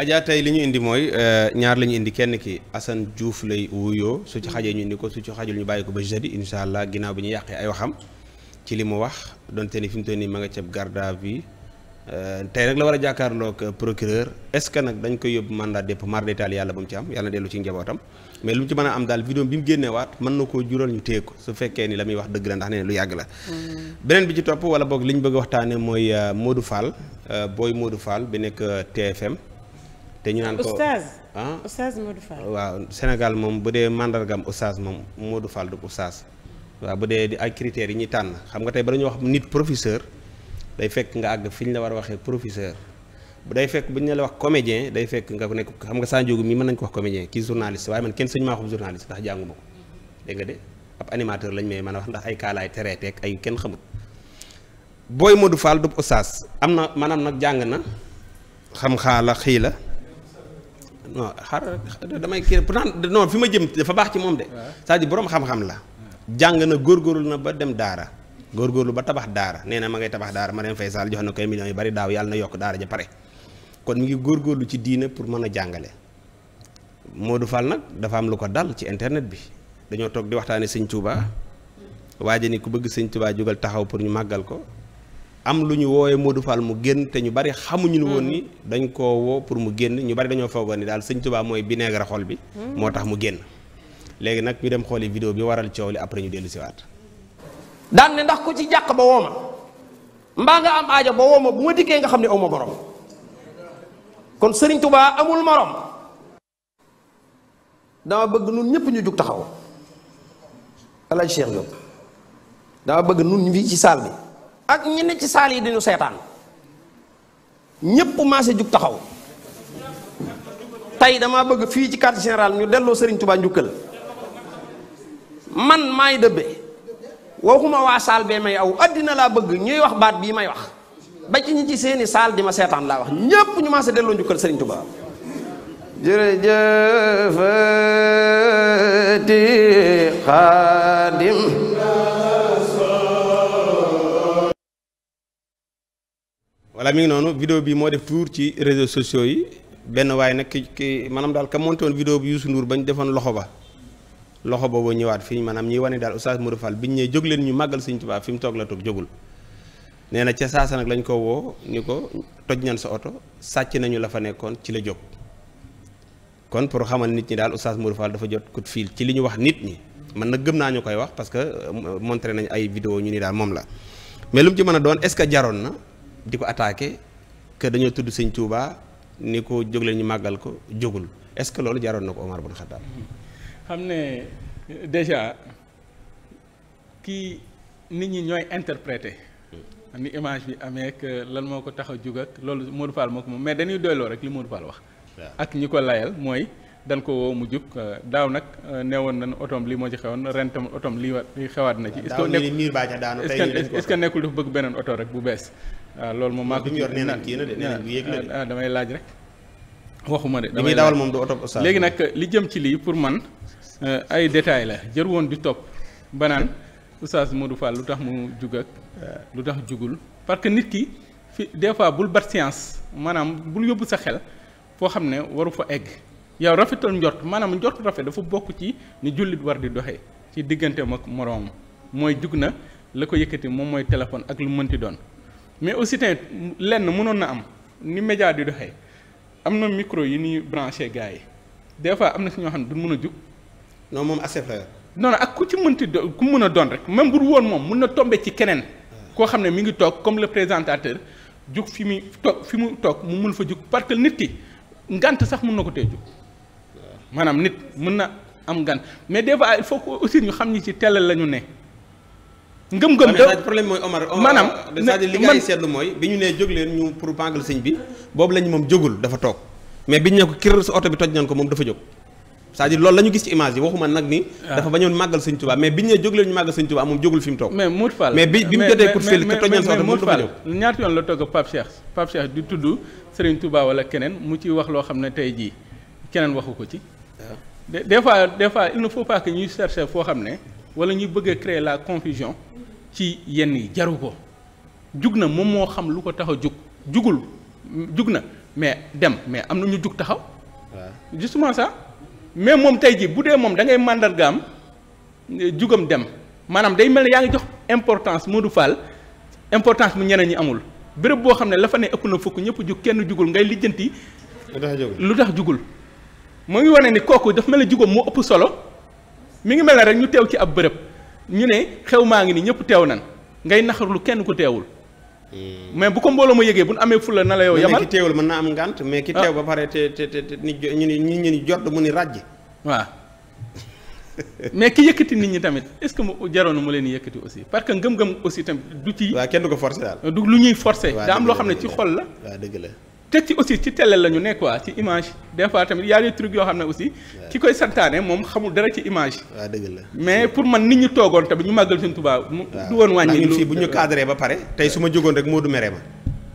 Adja tey li ñu indi mooy euh, ñaar la ñu indi kenn ki Assane Diouf lay wuyoo su ci xajee ñu indi ko su ci xajul ñu bàyyi ko ba jeudi incha allah ginnaaw bi ñu yàqee ay waxam ci li mu wax donte ni fi mu toll nii ma nga ceeb garde à vue euh, tey nag la war a jàkkaarloog procureur est-ce que nag dañ koy yóbbu mandat dépôt mar détail yàlla ba mu ci am yàlla dellu ci njabootam mais lu mu ci mën a am daal vidéo bi mu génnee waat mën na koo jural ñu téye ko su fekkee ni la muy wax dëgg la ndax nee lu la. Mm. beneen bi ci topp wala boog li ñu bëgg a waxtaanee mooy euh, Modou Fall booy Modou Fall bi nekk TFM te ñu naan ko oustaz ah waaw Sénégal moom bu dee mandargam oustaz moom Modou Fall du oustaz waaw bu dee di ay critères yi ñuy tànn xam nga tey ba dañuy wax nit professeur day fekk nga àgg fi ñu la war a waxee professeur bu day fekk bu ñu la wax comédien day fekk nga nekk xam nga Sa Ndiogou mi mën nañu ko wax kii journaliste waaye man kenn suñu maa xam journaliste ndax jàngu ma ko dégg nga de may mën a wax ay kaalaay traité ak ay kenn xamut booy Modou Fall du am na maanaam nag jàng na xam-xaala xii la non xar damay kii pourtant non fi ma jëm dafa baax ci moom de. c'est-à-dire boroom xam-xam la. jàng na góor góorgóorlu na ba dem daara góor góorgóorlu ba tabax daara nee na ma ngay tabax daara Marième Faye saal jox na koy millions yu bari daaw yàlla na yokk daara ja pare kon mi ngi góorlu ci diina pour mën a jàngale Modou fal nag dafa am lu ko dal ci internet bi dañoo toog di waxtaane sëñ Touba waaja ni ku bëgg sëñ Touba jógal taxaw pour ñu màggal ko am lu ñu moo du Fall mu génn te ñu bari xamuñu ni woon ni dañ koo woo pour mu génn ñu bari dañoo foogoon ni daal sëñ Tuubaa mooy bineegar xol bi hmm. moo tax mu génn léegi nag mu dem xooli vidéo bi waral coow li après ñu dellu siwaat daan ne ndax ko ci jàq ba wooma mbaa nga am aajo ba wooma bu ma dikkee nga xam ne awma borom kon sëriñ Tuubaa amul morom dama bëgg nun ñëpp ñu jug taxaw Alaaji Cheikh Diop dama bëgg nun ñu ci saal bi ak ñi ne ci saal yi dañu seetaan ñépp maase jug taxaw tey dama bëgg fii ci quartier général ñu delloo Serigne Touba njukkal man maay dëbbe waxuma waa saal bee may aw àddina laa bëgg ñuy wax baat bii may wax ba ci ñi ci seeni saal di ma seetaan laa wax ñépp ñu maase delloo njukkal Serigne Touba jërëjëfati Xaadim voilà mi ngi noonu vidéo bi moo def tour ci réseaux sociaux yi benn waaye nag ki ki maanaam daal ka monté woon vidéo bi Youssou Ndour bañ defoon loxo ba loxo boobu ñëwaat fii maanaam ñuy wane daal Oustaz Modou Fall biñ ñee jóg leen ñu màggal Sëñ Tuubaa fi mu toog la toog jógul nee na ca saasa nag lañ ko woo ni ko toj nañ sa oto sàcc nañu la fa nekkoon ci la jóg kon pour xamal nit ñi daal Oustaz Modou Fall dafa jot coup de fil ci li ñu wax nit ñi man nag gëm naa ñu koy wax parce que euh, montré nañ ay vidéo ñu ni daal moom la mais lu mu ci mën a doon est-ce que jaroon na di ko attaqué que dañoo tudd sëñ Touba ni ko jóg leen ñu màggal ko jógul est-ce que loolu jaaroon na ko Omar bun Xattaab xam ne déjà kii nit ñi ñooy interpréter ni image bi amee lan moo ko tax a jug ak loolu Modou Fall moo ko moom mais dañuy doyloo rek li Modou Fall wax ak ñi ko layal mooy dan ko woo mu jub daaw nag euh, nee woon nañu otoom lii moo ci xewoon ren tam otoom li xewaat na ci est-ce que nekkul dafa bëgg beneen oto rek bu bees waaw ah, loolu moom maa ko yor nee na kii na de nee bu yéeg la ah, damay laaj rek waxuma de damay dawal moom du oto léegi nag li jëm ci lii pour man eh, ay détails la jër woon di topp banaan oustaz Modou Fall lu tax mu jug ak eh. lu tax jugul parce que nit ki fi des fois bul bat science maanaam bul yóbbu sa xel foo xam ne waru fa egg yow rafetal njort maanaam njort rafet dafa bokk ci ni jullit war di doxee ci digganteem ak moroom mooy jug na la ko yëkkati moom mooy téléphone ak lu mënti doon mais aussi tamit lenn mënoon na am ni média di doxee am na micro yi ñuy branché gars yi des fois am na si ñoo xam ne du mën a jug. non moom assez ak ku ci mënti do ku mën a doon rek même bu woon moom mun na tombe ci keneen. koo xam ne mi ngi toog comme le présentateur jug fi muy toog fi mu toog mu mun fa jug parce que nit ki ngant sax mun na ko tee jug maanaam nit mën na am ngant mais des fois il faut que aussi ñu xam ni ci télé la ñu ne. ngëm-ngëm da problème mooy Omar maanaam euh, cest à li nga ay mooy bi ñu nee jóg leen ñu pour pangal sëñ bi boobu lañu moom jógul dafa toog mais bi ñu ne ko kir sa oto bi toj nañ ko moom dafa jóg c'est-à-dire loolu la gis ci image yi waxuma nag ni ah. dafa bañoon màggal sëñ Tuubaa mais bi ñu nee jóg leen ñu màggal sëñ Tuubaa moom jógul fi toog mais Modou Fall mais bi bi mu jotee pour fil toj nañ sa oto moom dafa jóg ñaata yoon la toog Pape Cheikh Pape Cheikh di tudd Sëriñ Tuubaa wala wax loo xam ne tey jii keneen waxu ko ci ah. des fois des fois il ne foo xam ne wala ñuy bëgg a créer la confusion ci yenn yi jaru ko jug na moom moo xam lu ko tax a jug jugul jug na mais dem mais am na ñu jug taxaw. justement sax mais moom tey jii bu dee moom da ngay màndargaam jugam dem maanaam day mel ne yaa ngi jox importance Modou Fall importance mu ñeneen ñi amul béréb boo xam ne la fa ne ëpp na fukk ñëpp jug kenn jugul ngay lijjanti. lu tax jugul lu tax jugul. moo ngi wane ni kooku daf mel ne jugam moo ëpp solo. mi ngi mel ne rek ñu teew ci ab bërëb ñu ne xew maa ngi ni ñëpp teew nan ngay naxarlu kenn ku teewul. Hmm. mais bu ko mbooloo ma yëgee bu ñu amee fula na la yow. yamal ki teewul mën naa am ngànt mais ki ah. teew ba pare te te te ni ñu ni ñu ni jot mu ni ràjj. waaw mais ki yëkkati nit ñi tamit est-ce que mu jaroon mu leen yëkkati aussi parce que ngëm-ngëm aussi tamit du ci. kenn ko forcer daal. du lu ñuy forcer. daa am loo xam ne ci xol la. dëgg la. te ci aussi ci télé la ñu nekk quoi ci image des tamit y a des trucs yoo xam ne aussi. ki koy santaane moom xamul dara ci image. waaw dëgg la mais pour man nit ñi toogoon tamit ñu màggal suñu Tuubaa mu du woon wàññi. lu fii bu ñu cadré ba pare tey su ma jógoon rek moo du mere ma.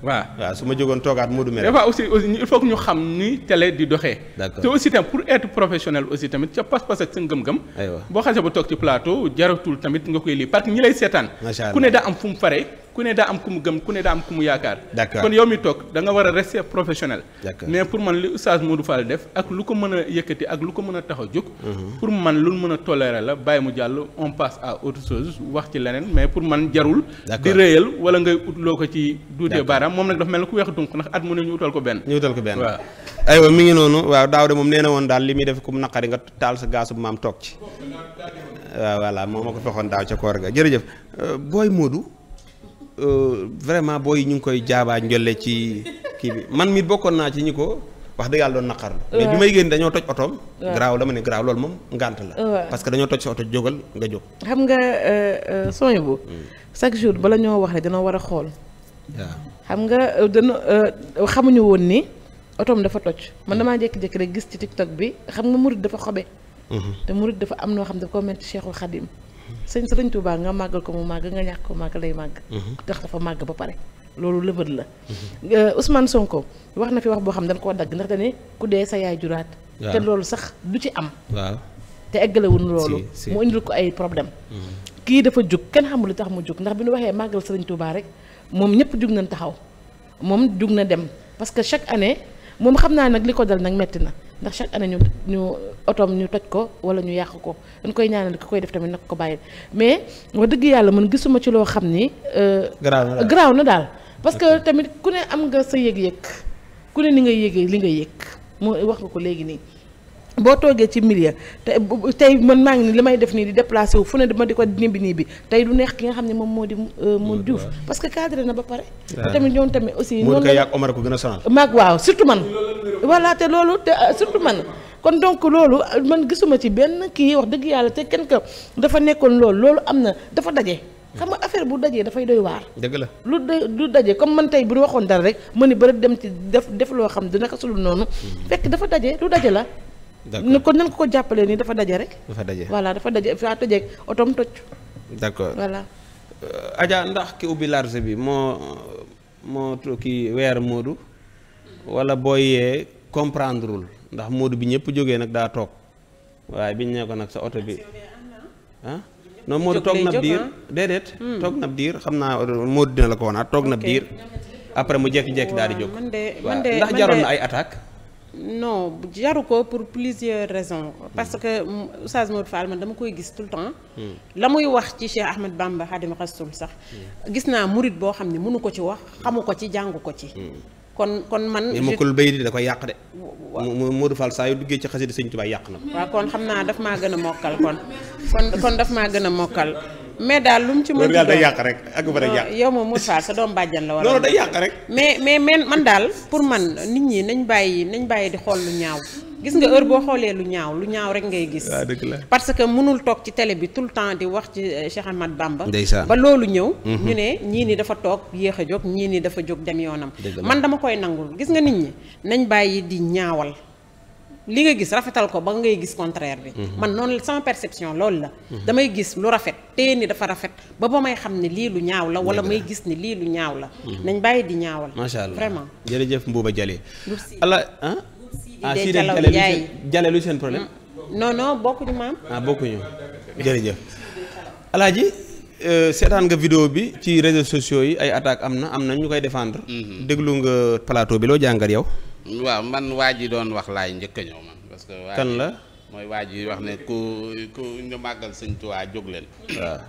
waaw waaw su ma jógoon toogaat moo du mere. des fois aussi aussi il faut que ñu xam ni télé di doxee. te aussi tamit pour être professionnel aussi tamit ca pas-pas ak sa ngëm-ngëm. boo xasee tamit nga koy lii parce que ñi lay seetaan. macha allah ku am fu mu faree. ku ne daa am ku mu gëm ku ne daa am ku mu yaakaar. kon yow toog da war a rester professionnel. mais pour man li oustaz Modou Fall def ak lu ko mën a yëkkati ak lu ko mën a tax a jóg. Mhm. pour man lu mën a tolérer la bàyyi mu jàll on passe à autre chose wax ci leneen mais pour man jarul. di réyal wala ngay ut loo ko ci duutee baaraam moom nag dafa mel ne ku weex dunk ndax at mu ne ñu utal ko benn. ñu utal ko benn waaw. aywa mi ngi noonu waaw daaw de moom nee na woon daal li muy def ku mu nga taal sa gaasu maam toog ci. moom ma ko fexoon daaw ca koor ga jërëjëf euh, booy Modou Euh, vraiment booy ñu ngi koy jaabaa njolle ci kii bi man mii bokkoon naa ci ñi ko wax dëgg yàlla doon naqarlu mais bi may génn dañoo toj otoom garaaw dama ma ne garaaw loolu moom ngànt la parce que dañoo toj sa oto jógal nga jóg xam nga euh, euh, sooy bu mm. chaque jour bala ñoo wax ne dina war a xool xam nga dana xamuñu woon ni otoom dafa toj man mm. damaa jékki-jékki rek gis ci tiktok bi xam nga murid dafa xobe mm-hmm. te murid dafa am noo xam dafa ko mel ci Cheikhul Khadim sëñ sëriñ Tuubaa nga màggal ko mu màgg nga ñàkk ko màgg lay màgg. Mhm. ndax dafa màgg ba pare loolu lëbët la. Mhm. Euh, usman Sonko wax na fi wax boo xam dañ koo dagg ndax dañ ku dee sa yaay juraat. te loolu sax du ci am. waaw te eggalewuñu loolu. mu indil ko ay problème mhm. kii dafa jug kenn xamul li tax mu jug ndax bi ñu waxee màggal sëriñ Tuubaa rek moom ñëpp jug nañ taxaw moom jug na dem parce que chaque anne moom xam naa nag li ko dal nag metti na. ndax chaque année ñu ñu otoom ñu toj ko wala ñu yàq ko dañ koy ñaanal ku koy def tamit nag ko bàyyi mais wax dëgg yàlla mën gisuma ci loo xam ni. Euh, garaaw na daal parce que tamit ku ne am nga sa yëg-yëg ku ne ni nga yëgee li nga yëg moo wax nga ko léegi nii. boo toogee ci milieu te tey man maa ngi ni li may def nii di déplacé wu fu ne dama di ko nibi nii bi tey du neex ki nga xam ne moom moo di euh, mu Diouf parce que cadré na ba pare ah. te tamit ñoom tamit aussi noonu la Omar ko gën a sonal maag waaw surtout man voilà te loolu te euh, surtout man kon donc loolu man gisuma ci benn kii wax dëgg yàlla te kenn ka dafa nekkoon loolu loolu am na dafa daje xam nga affaire bu dajee dafay doy waar. dëgg la lu de lu dajee comme man tey bu ñu waxoon dara rek ma ni bëri dem ci def def loo xam dina ko sulul noonu mm. fekk dafa daje lu daje la d'accord kon nan ko ko jàppalee nii dafa daje rek. dafa daje voilà dafa daje faa tëjeeg otoom toj. d'accord voilà. Euh, Adja ndax ki ubbi large bi moo moo ki weer Moodu wala booy yee ndax Moodu bi ñëpp jógee nag daa toog waaye biñ ne ko nag sa oto bi ah. non Moodu toog na diir ah? déedéet. Hmm. toog na biir xam naa Moodu dina la ko naa toog na diir après mu jékki-jékki daal di jóg. man ndax jaroon na ay attaque non jaru ko pour plusieurs raisons. parce que Oustaz Modou Fall man dama koy gis tout le hmm. la muy wax ci Cheikh Ahmed Bamba Khadim Rassoul sax. Hmm. gis naa murit boo xam ne mënu ko ci wax xamu ko ci jàngu ko ci. Hmm. kon kon man. mais mokkul bay di da koy yàq de. waaw Modou Fall saa yu duggee ci xasida Sëñ Tuubaa yàq na ko. kon xam naa daf maa gën a mokkal kon kon kon daf gën a mokkal. mais daal lu mu ci mën daal day yàq rek ak ba day yàq yow moom Moussa sa doom bàjjan la war loolu day yàq rek mais mais man man daal pour man nit ñi nañ bàyyi nañ bàyyi di xool lu ñaaw gis nga heure boo xoolee lu ñaaw lu ñaaw rek ngay gis parce que mënul toog ci télé bi tout le temps di wax ci euh, Cheikh Ahmad Bamba ba loolu ñëw mhm. ñu ne ñii ni dafa toog yéex a jóg ñii ni dafa jóg dem yoonam man dama koy nangul gis nga nit ñi nañ bàyyi di ñaawal li nga gis rafetal ko ba ngay gis contraire bi mhm. man noonu sama perception loolu la mhm. damay gis lu rafet tey ni dafa rafet ba ba may xam ne lii lu ñaaw la wala may gis ni lii lu ñaaw la mhm. nañ bàyyi di ñaawal macha allah vraiment jërëjëf Mbouba Dialé ala ah ah si Dialé lu seen problème hmm. non non bokkuñu maam ah bokkuñu jërëjëf alaaji euh, seetaan nga video bi ci réseaux sociaux yi ay attaques am na am na ñu koy defendre déglu nga plateau bi loo jàngat yow waaw man waa ji doon wax laay njëkk a ñëw man. parce que waa kan la mooy waa ji wax ne ku ku ñu màggal sëñ Tuubaa jóg leen. waaw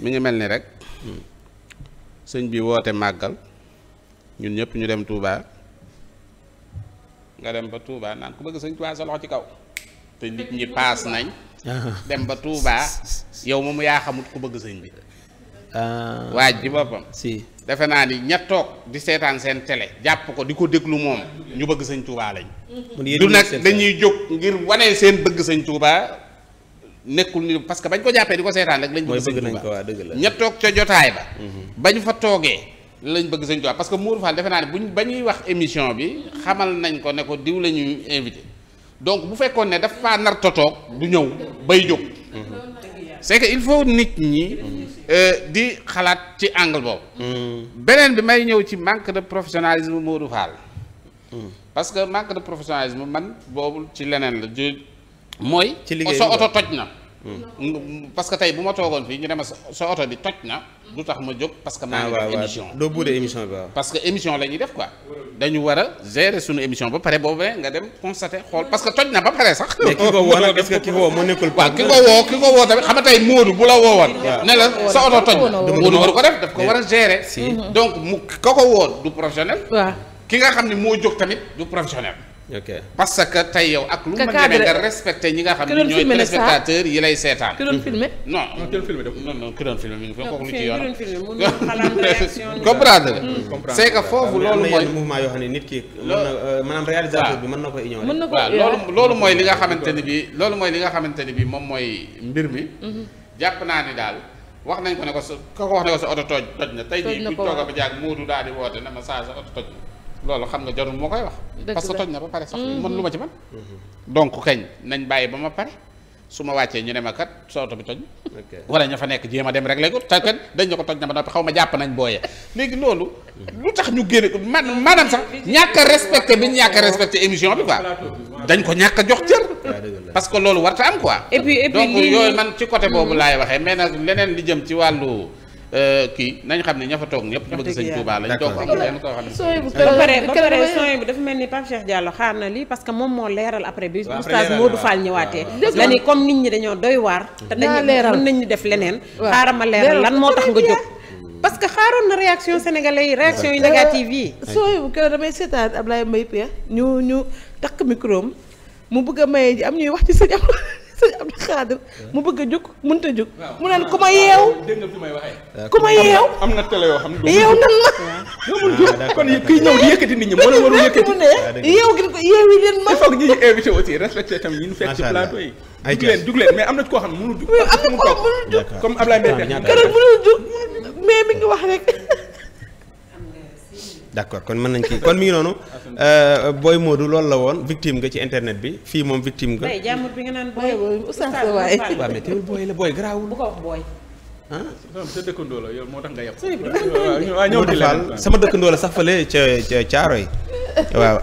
mi ngi mel ni rek. sëñ bi woote màggal ñun ñëpp ñu dem tuubaa nga dem ba Touba naan ku bëgg sëñ Tuubaa sa loxo ci kaw. te nit ñi paas nañ. dem ba Touba yow moom yaa xamut ku bëgg sëñ bi. Euh, waaj ci boppam si defe naa ni ña toog di seetaan seen tele jàpp ko di ko déglu moom ñu bëgg sëñ Touba lañ du nag dañuy jóg ngir wane seen bëgg sëñ Touba nekkul ni parce que bañ ko jàppee di ko seetaan rek lañ bëgg sëñ Touba ña toog ca jotaay ba mhm. bañ fa toogee lañ bëgg sëñ Touba parce que Mourou Fall defe naa ni bañuy wax émission bi xamal nañ ko ne ko diw la ñuy invité donc bu fekkoon ne dafa nar totoog du ñëw bay jóg mhm. c'est que il faut nit ñi euh, di xalaat ci angle boobu hmm. beneen bi may ñëw ci manque de professionnalisme Modou Fall hmm. parce que manque de professionnalisme man boobu ci leneen la mooy sa oto toj na Mm. parce que bu ma toogoon fii ñu ne sa oto bi toj na du tax ma jóg parce maa ah, ngi def émission bi parce que émission la def quoi dañu war a gérer suñu émission ba pare boobu nga dem constater xool parce que toj na ba pare sax ki ko woo nag est-ce ki ko woo ki ko woo tamit xam nga tey bu la woowoon ne sa oto toj na Moodu waru ko def daf ko war a gérer donc mu ka ko woo du professionnel ki nga xam ne moo jóg tamit du professionnel ok parce que tey yow ak. lu mu demee nga ñi nga xam ne ñooy yi lay seetaan. ki doon filmé non non ki doon filmé nit ki. Euh, maanaam réalisateur bi mën na ko ignorer. mën na ko loolu loolu mooy li nga xamante ni bi loolu mooy li nga xamante ni bi moom mooy mbir mi. Mm-hmm. naa ni daal. wax nañ ko ne ko sa oto toj toj na tey jii bu ñu toog ba jàng Moodu daal di woote na ma saa sa oto toj na loolu xam nga jarul moo koy wax. parce que toj na ba pare sax. Mhm. mën lu ma ci man mhm. donc kañ nañ bàyyi ba ma pare su ma wàccee ñu ne ma kat sa oto bi toj. wala ña fa nekk jéem a dem rek léegi te kat dañ ko toj na ba noppi xaw ma jàpp nañ booyee léegi loolu. Mhm. lu tax ñu génne man maanaam sax ñàkk a respecté bi ñàkk a respecté émission bi quoi dañ ko ñàkk a jox cër. parce que loolu warta am quoi. et puis et yooyu man ci côté boobu laay waxee mais nag leneen li jëm ci wàllu. Euh, kii nañ xam ne ña fa toog ñëpp. bëgg sëñ Touba lañ toog am kenn koo xam ne. sooy bu kër ba pare sooy bu dafa mel ni Pape Cheikh Diallo xaar na lii parce moom moo leeral après bi. waaw après Modou Fall ñëwaatee. la ni comme nit ñi dañoo doy def leneen. xaaral ma leeral lan moo tax nga jóg. parce que xaaroon na réaction sénégalais yi réaction yu négative yi. Euh, sooy bu kër damay seetaan Ablaye Mbaye Pia ñu ñu takk micro mu bëgg a maye ji am ñuy wax ci sa am sëñ Abdou Khadir mu bëgg a jóg mënut a jóg. mu naan ku ma yeew. dégg nga ku ma yeew am na télé yoo xam ne. yeew nan ma. yow jóg ah, kon kuy ñëw di yëkkati nit ñi moo la warul yëkkati. Ah, yeew gi yeew yi leen ma. il faut ñu invité aussi respecté tam yi. ay jug mais am na koo xam ne mënul jug. am na koo xam mënul jug comme mais mi ngi wax rek. d'accord kon mën nañ kii kon mi ngi noonu. Euh, Boy Modou loolu la woon victime nga ci internet bi fii moom victime nga. tey jàmbur bi nga naan la sama dëkkandoo sax fële caaro yi.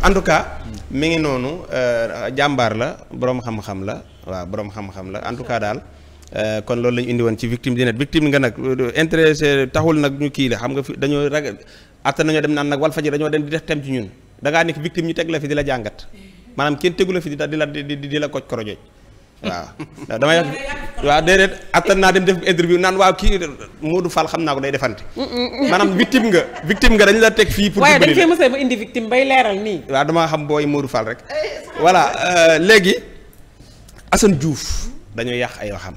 en tout cas. mi ngi noonu euh, jàmbaar la boroom xam-xam la waaw boroom la en tout cas daal. Euh, kon loolu la indi woon ci victime nga nag intéressé taxul nag ñu kii la xam nga fi dañoo ragal atta nañoo dem naan nag wal fajir dañoo dem di def tem ci ñun da ngaa nekk victime ñu teg la fi di la jàngat maanaam kenn tegu la fi di la di di la koj korojooj waaw damay waaw déedéet attan naa dem def interview naan waaw kii Modou Fall xam naa ko day defante maanaam victime nga victime nga dañu la teg fii pour waaye dañ fee mësa ba indi victime bay leeral nii xam booy Modou Fall rek voilà euh, léegi Assane Diouf dañoo yàq ay waxam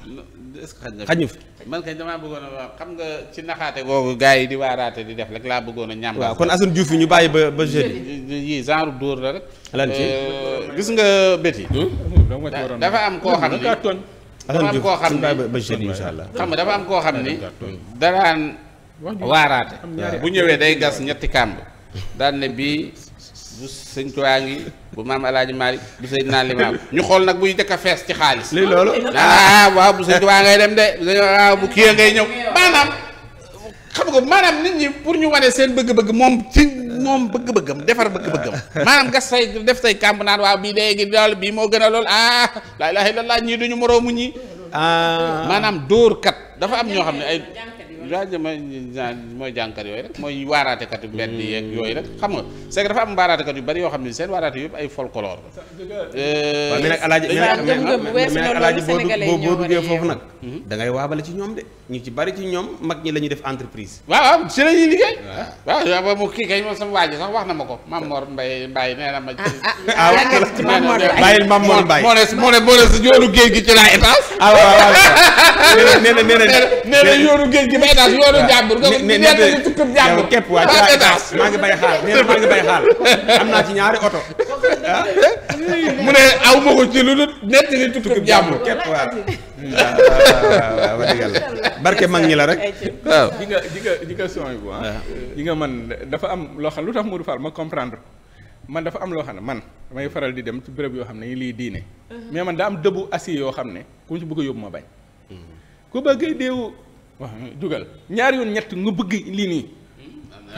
est-ce que xaj na na man kay damaa bëggoon a wax xam nga ci naxaate googu gars yi di waaraate di def rek laa bëggoon a ñam kon Assane Diouf yi ñu bàyyi ba ba jeudi yi genre dóor la rek lan euh, gis nga béti hmm? dafa am koo xam ni dafa am koo xam ni ba jeudi incha allah xam nga dafa am koo xam ni daraan waaraate bu ñëwee day gas ñetti kàmb daan ne bii bu sëñ Tuubaa ngi bu maam alaaji Maalik bu Seydina Limaam ñu xool nag buy jëkk a fees ci xaalis lii loolu ah waaw bu sëñ Tuubaa ngay dem de waaw ah, bu kii ngay ñëw maanaam xam nga maanaam nit ñi pour ñu wane seen bëgg-bëgg moom fi moom bëgg-bëggam defar bëgg-bëggam maanaam nga say def say kàmb naan waaw bii léegi lool bii moo gën a lool ah laa ilaaha illallaah ñii duñu moroomu ñii ah. maanaam dóor kat dafa am ñoo xam ne ay rajo mooy mooy jànkar yooyu rek mooy waaraatekat yu mbedd yeeg yooyu rek xam nga c'est que dafa am waaraatekat yu bari yoo xam ne seen waaraate yëpp ay folklore. waaw mais nag alaaji mais nag alaaji boo boo duggee foofu nag. Mhm. da ngay waabale ci ñoom ñu ci bari ci ñoom mag ñi la def entreprise. waaw waaw si la ñuy liggéey. waaw waaw mu kii kay wax na ma ko Mame Mor Mbaye Mbaye nee ma. ah, ah, ah, ah bàyyil Mame Mor Mbaye moo ne moo ne moo ne yoonu géej gi ci laa étage. ah waaw waaw nee na yoonu géej gi bay étage yoonu jàmbur. ne ne képp waa ci maa ngi bay xaal nee maa ngi bay xaal am naa ci ñaari oto. mu ne aw ma ko ci lu nett li tukkub jàmbur képp mm, waaw. waaw wax dëgg yàlla barke mag ñi la rek. waaw di nga di nga di nga son bu ah. di nga man dafa am loo xam lu tax Modou Fall ma comprendre. man dafa am loo xam ne man damay faral di dem ci béréb yoo xam ne lii diine. Uh-huh. mais man daa am dëbu assis yoo xam ne ku ci bëgg a yóbbu ma bañ. Mm. ku bëgg deewu waaw jugal ñaari yoon ñett nga bëgg lii nii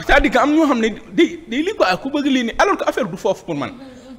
c'est-à-dire que am ñoo xam ne day day lii quoi ku bëgg lii nii alors que affaire du foofu pour man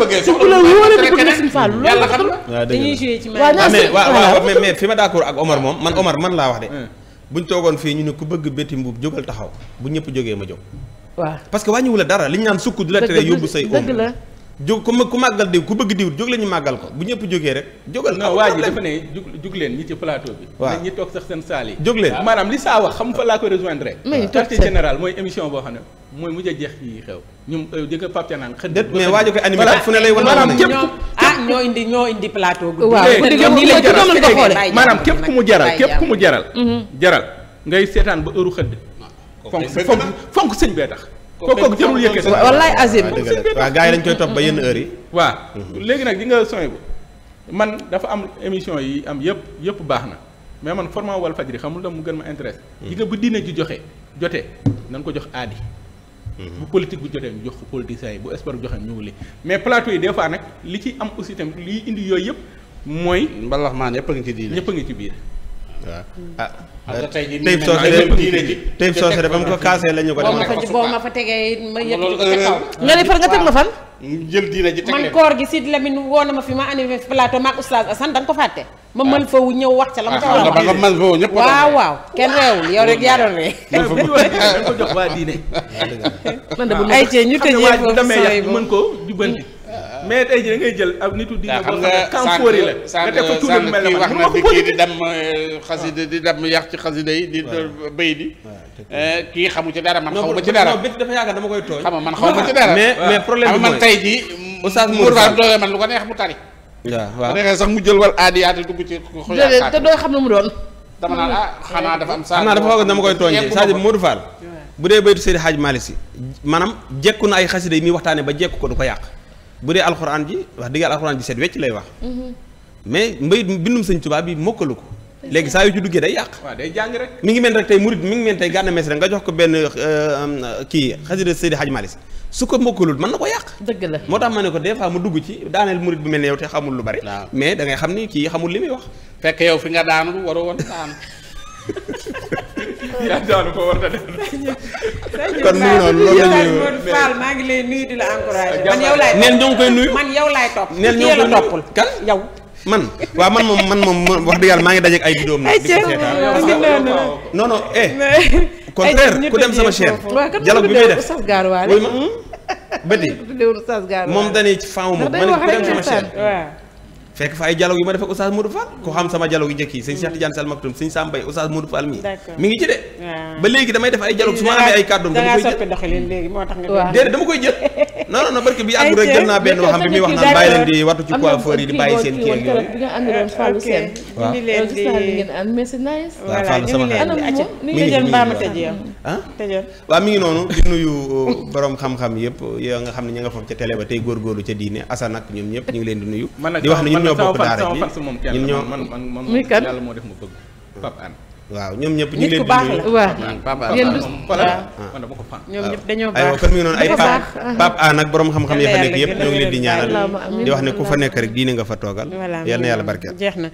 bëggee soxla bu la wóoree di bëgg Sëñ Fall yàlla xam na dañuy joué ci waaw fi ma d'accord ak Omar moom man Omar man laa wax de hmm. buñ toogoon fii ñu ne ku bëgg bétti mbuub jógal taxaw bu ñëpp jógee ma jóg waaw parce que wàññiwu la dara liñ naan sukk du la tere yóbbu say om jóg ku ku màggal diw ku bëgg diw jóg ñu màggal ko bu ñëpp jógee rek. jógal non waa ji dafa ne jóg jóg leen ñi ci plateau bi. waaw ñi toog sax seen saal jóg leen ah. saa wax xam fa laa koy rejoindre. général mooy émission boo xam ne mooy mujj a jeex yi xew. ñoom jëkk pap ca naan xëdd mais waajo koy maanaam képp ah ñoo indi ñoo indi plateau guddi maanaam képp ku mu jaral képp ku mu jaral mhm. jaral ngay seetaan ba heure xëdd fonk fonk sëñ bee tax kooku jërul yëkkati wallaay azim ah, waaw gars yi dañ koy topp ba yenn heure yi waaw mhm. léegi nag di nga soñ man dafa am émission yi am yëpp yëpp baax na mais man format Walfadjri xamul da mu gën ma intéresse di mhm. nga bu diine ji joxe jote nañ ko jox aadi mhm. bu politique bu jotee ñu jox ko politiciens yi bu sport bu joxe ñu li mais plateau yi des fois nag li ci am aussi tamit liy indi yooyu yëpp mooy mbalax maan yëpp a ngi ci diine yëpp a ngi ci biir waaw ah. ah. ah. Taïb Socé de Taïb Socé de ba mu ko kaasee la ñu ko demoon. boo ma fa tegee ma yëg ci kaw. nga ne far nga teg ma fan. jël diina ji teg koor gi Sidi Lamine woo na ma fi ma animé plateau maak Oustaz Assane da nga ko fàtte. ma ah. mën fa wu ñëw wax ca la ma ca war a wax waaw waaw kenn reewul yow rek yaa doon ree. man ko jox waa diine. man de bu ñu ko xam ne waa ji damay mën ko jubbanti. mais tey jii da jël ak nitu diine boo xam ne kanfoori la nga def fa tudd lu mel ne man wax na kii euh, euh, kii xamu ci dara man xaw ma ci dara non dafa dama koy tooñ xam nga man xaw ma ci dara mais mais problème lu ko neex mu tari sax mu jël wal dugg ci xoyaat xam lu mu doon dama ah, xanaa dafa am xanaa dafa foog dama koy tooñee saa Modou Fall bu dee baytu Seydi Hadj Malick Si maanaam jekku na ay xasida yi muy waxtaane ba jekk ko du ko yàq bu dee alxuraan ji wax dëgg yàlla alxuraan ji seet wecc lay wax. Mhm. mais mbay bindum sëñ Tuubaa bi mokkalu ko. léegi saa yu ci duggee day yàq. waaw day mi ngi mel rek tey murit mi ngi mel tey Gana Messere nga jox ko benn euh, kii xasida Seydi Hadj Malick su ko mokkalul mën na ko yàq. dëgg la moo tax ma ne ko des fois mu dugg ci daaneel murit bu mel ne yow te xamul lu bari. mais da xam ni kii xamul li muy wax. fekk yow fi nga daanu waroo woon daanu. yaa daanu ko a def. kon nuyu maa ngi lay nuyu di la encouragé. man yow laay neen ñoo ngi koy nuyu. man yow laay topp. neen ñoo koy toppul kan yow. man waaw man moom man moom wax dëgg yàlla maa ngi dajeeg ay vidéo nag. di ko seetaan non non eh. contraire ku dem sama chaîne. dialogue bi muy def hmm? moom dañuy faamu ma ku dem sama chaîne fekk fa ay dialogue yu ma def ak Oustaz Modou Fall ku xam sama dialogue yu njëkk yi sëñ Cheikh Tidiane Sall Maktoum sëñ Sam Mbaye Oustaz Modou Fall mii mi ngi ci de ba léegi damay def ay dialogue su ma amee ay kàddoom dama koy jël déedéet dama koy jël non non non barke bi yàggul rek mi ngi noonu di nuyu uh, borom xam-xam yëpp yoo nga xam ne ña nga foofu ca télé ba tey góorgóorlu ca diine Assane ak ñoom ñëpp ñu leen di nuyu di wax ne ñoo bokk daara ji ñun ñoo man man man yàlla moo def ma bëgg Pape Hann waaw ñoom ñëpp ñu ngi leen di nuyu waaw yéen du ak borom xam-xam ya nekk yëpp ñoo ngi leen di ñaanal di wax ne ku fa nekk rek diine nga fa toogal yal na yàlla barkeel jeex na